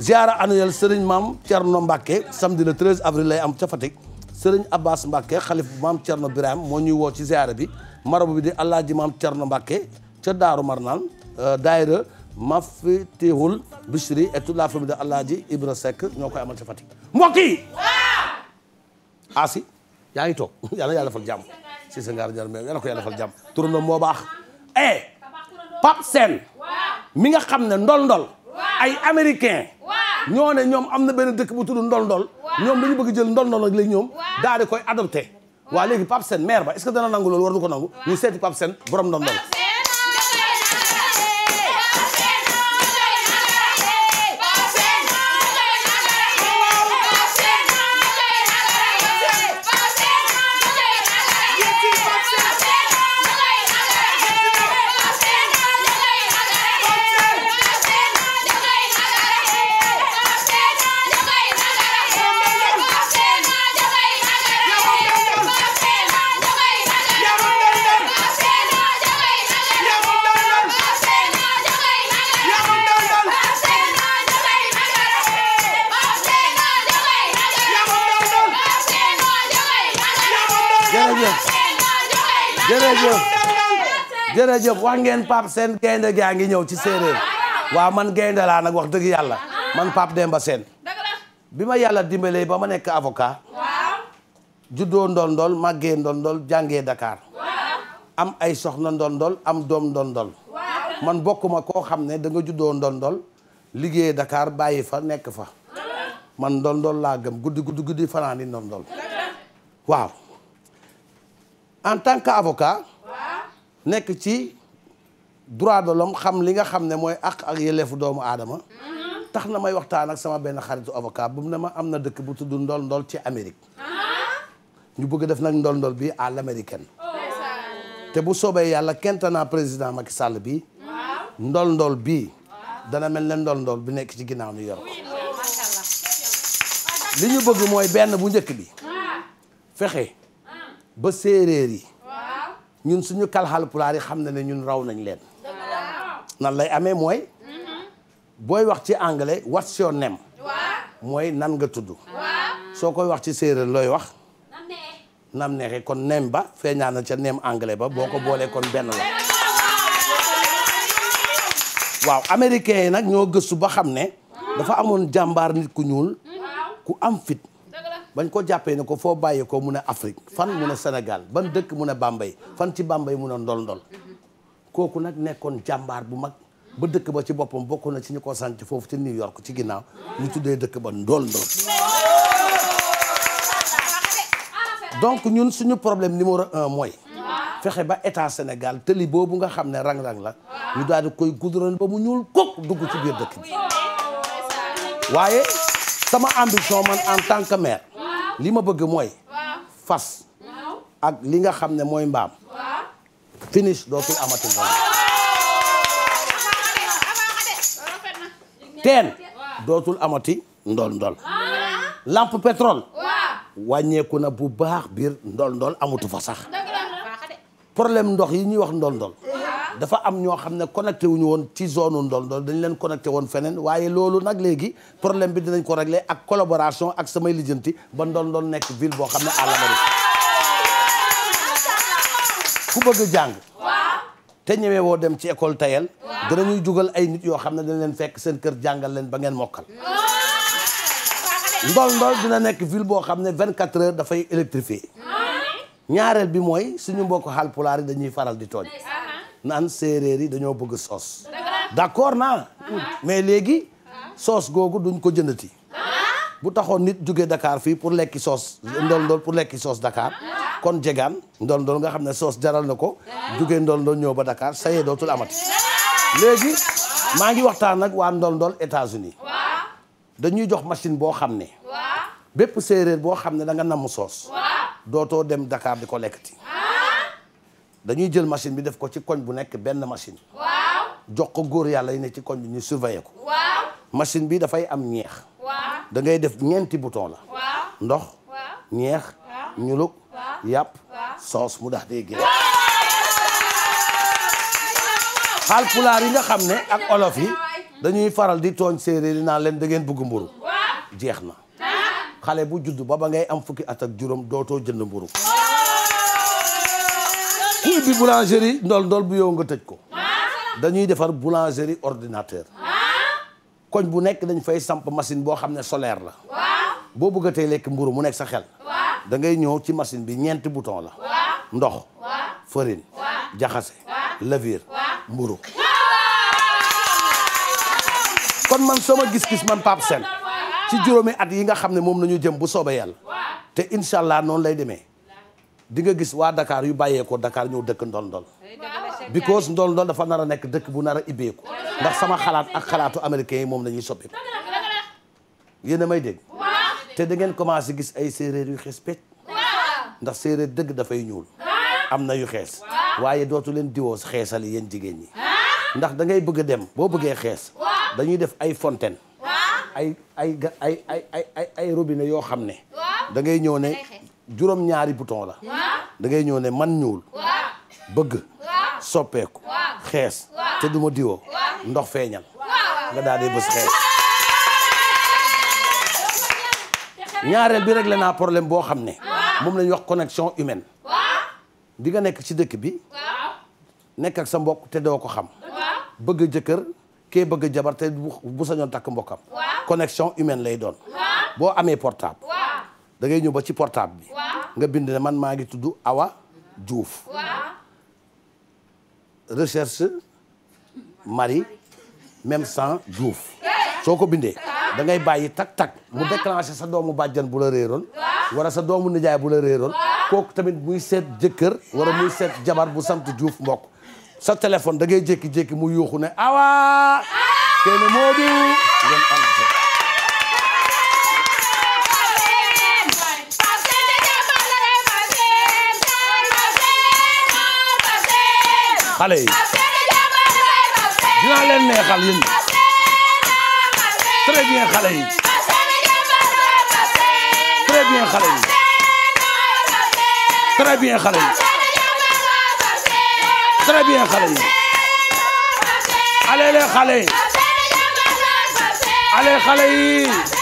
ziara annuelle Serigne maam Thierno Mbacke samedi le 13 avril lay am ca Fatick Serigne Abbas Mbacke xalif maam Thierno Birahim moo ñuy woo ci ziara bi marabu bi di Alaaji maam Thierno Mbacke ca Daaru Marnaan euh, daayira Mafatihul Bichri et toute la famille de Alaaji Ibra Seck ñoo koy amal ca Fatick mbokk yi Asi yaa ngi toog yàlla yàlla defal jàmm si sa ngaar jar yàlla ko yàlla defal jàmm turandoo moo baax eh Pape Sène mi nga xam ne ndol ndol ay américain ñoo ne ñoom am na benn dëkk bu tudd ndol-ndol ñoom dañu bëgg jël ndol-ndol ak léegi ñoom daal koy adopté waa léegi Pape Sène maire ba est-ce que dana nangu loolu war du ko nangu ñu seeti Pape Sène borom ndol-ndol jërëjëf jërëjëf wax ngeen Pape Sène gaynde gaa ngi ñëw ci séeréer ah, ah, ah, waaw man gaynde laa nag wax dëgg yàlla man Pape Demba Sène bi ma yàlla dimbalee ba ma nekk avocat juddoo ndondol màggee ndondol jàngee dakaar am ay soxna ndondol am doom ndondol man bokkuma koo xam ne danga nga juddoo ndondol liggéey Dakar bàyyi fa nekk fa man ndondol laa gëm guddi guddi guddi fanaan di waaw en tant que qu'avocat nekk ci droit de l'homme xam li nga xam ne mooy àq ak yelefu doomu aadama tax na may waxtaan ak sama benn xaritu avocat bu mu ne ma am na dëkk bu tudd ndol ndol ci Amérique ñu bëgg def nag ndol ndol bi à l'américaine te bu soobee yàlla kentanaa président Macky Sall bi ndol ndol bi dana mel ne ndol ndol bi nekk ci ginnaaw New York li ñu bëgg mooy benn bu njëkk bi fexe ba séeréer yi ñun suñu kalxal pulaar yi xam na ne ñun raw nañ leen nan lay amee mooy mm-hmm. booy wax ci anglais what's your name mooy nan nga tudd soo koy wax ci séeréer looy wax nam neexee kon nem ba feeñaa ca nem anglais ba boo ko boolee kon benn la waaw américains yi nag ñoo gëstu ba xam ne dafa amoon jàmbaar nit ku ñuul mm-hmm. ku am fit bañ ko jàppee ne ko foo bàyyee ko mun a Afrique fan mun a Sénégal ban dëkk mun a Bambey fan ci Bambey mun a ndol-ndol kooku nag nekkoon jàmbaar bu mag ba dëkk ba ci boppam bokk na ci ñu ko sant foofu ci New York ci ginnaaw ñu tuddee dëkk ba ndol-ndol. donc ñun suñu problème numéro un mooy. fexe ba état Sénégal tëli boobu nga xam ne rang-rang la ñu daal koy goudron ba mu ñuul kooku dugg ci biir dëkk bi waaye sama ambition man en tant que maire. li ma bëgg mooy. fas. ak li nga xam ne mooy mbaam. finish dootul amatul teen dootul amati ndol ndol lampe pétrole wàññeeku na bu baax biir ndol ndol amatu fa sax problème ndox yi ñuy wax ndol ndol dafa am ñoo xam ne connecté wuñu woon ci zone Ndondol dañ leen connecté woon feneen waaye loolu nag léegi problème bi dinañ ko réglé ak collaboration ak samay lijjanti ba Ndondol nekk ville boo xam ne à jàng te ñëwee woo dem ci école tayel danañuy dugal ay nit yoo xam ne dañ leen fekk seen kër jàngal leen ba ngeen mokkal Ndondol dina nekk ville boo xam ne 24 heures dafay électrifié ñaareel bi mooy suñu mbokk Haalpulaar yi dañuy faral di tooñ naan séeréer yi dañoo bëgg soos d'accord naa mais léegi soos googu duñ ko jëndati bu taxoon nit jugee dakaar fii pour lekki soos ndol ndol pour lekki soos dakaar kon jegaan ndol ndol nga xam ne soos jaral na ko jóge ndol ndol ñëw ba dakaar sayee dootul amati léegi maa ngi waxtaan nag waa ndol ndol États-Unis dañuy jox machine boo xam ne bépp séeréer boo xam ne da nga namm soos dootoo dem dakaar di ko lekkati dañuy jël machine bi def ko ci koñ bu nekk benn machine. jox ko góor yàlla yi ne ci koñ bi ñu surveiller ko. machine bi dafay am ñeex. dangay def ñeenti bouton la. ndox. ñeex. waaw ñuluk. yàpp. waaw soos mu dax dee génn. xaalpulaar yi nga xam ne ak olof yi dañuy faral di tooñ séeréer yi naa leen da ngeen bëgg mburu jeex na xale bu judd ba ba ngay am fukki at ak juróom dootoo jënd mburu ku ubbi boulangerie ndol ndol bu yow nga tëj ko dañuy defar boulangerie ordinateur koñ bu nekk dañ fay samp machine boo xam ne solaire la boo bëgg a tey lekk mburu mu nekk sa xel da ngay ñëw ci machine bi ñeenti bouton la ndox farine jaxase levure mburu kon man sama gis-gis man Pape Sène ci juróomi at yi nga xam ne moom la ñu jëm bu soobee yàlla te incha allah noonu lay demee di nga gis waa dakaar yu bàyyeekoo dakaar ñëw dëkk ndol ndol because ndol ndol dafa nar a nekk dëkk bu nar a ibbeeku ndax sama xalaat ak xalaatu américains yi moom la ñuy soppeeku yéen a may dégg te da ngeen commencé gis ay séeréer yu xees ndax séeréer dëgg dafay ñuul am na yu xees waaye dootu leen diwoo xeesali yéen jigéen ñi ndax da ngay bëgg a dem boo bëggee xees dañuy def ay fontaine ay ay ay ay yoo xam ne da ngay ñëw ne juróom-ñaari bouton la da ngay ñëw ne man ñuul bëgg soppeeku xees te duma diwoo ndox feeñal nga daal di bës xees ñaareel bi réglé naa problème boo xam ne moom la ñuy wax connexion humaine di nga nekk ci dëkk bi nekk ak sa mbokk te doo ko xam bëgg jëkkër kee bëgg jabar te bu sañoon takk mbokkam connexion humaine lay doon boo amee portable da ngay ñëw ba ci portable bi nga bind ne man maa ngi tudd Awa Diouf recherche Marie même sang Diouf soo ko bindee dangay bàyyi tak takk mu déclenché sa doomu bàjjan bu la réeroon wala sa doomu nijaay bu la réeroon kooku tamit muy seet jëkkër wala muy seet jabar bu sant Diouf mbokk sa téléphone da ngay jékki-jékki mu yuuxu ne awa kenn moo di ngeen xale yi dinaa leen neexal yéen bien xale yi très bien xale yi très bien xale yi très xale yi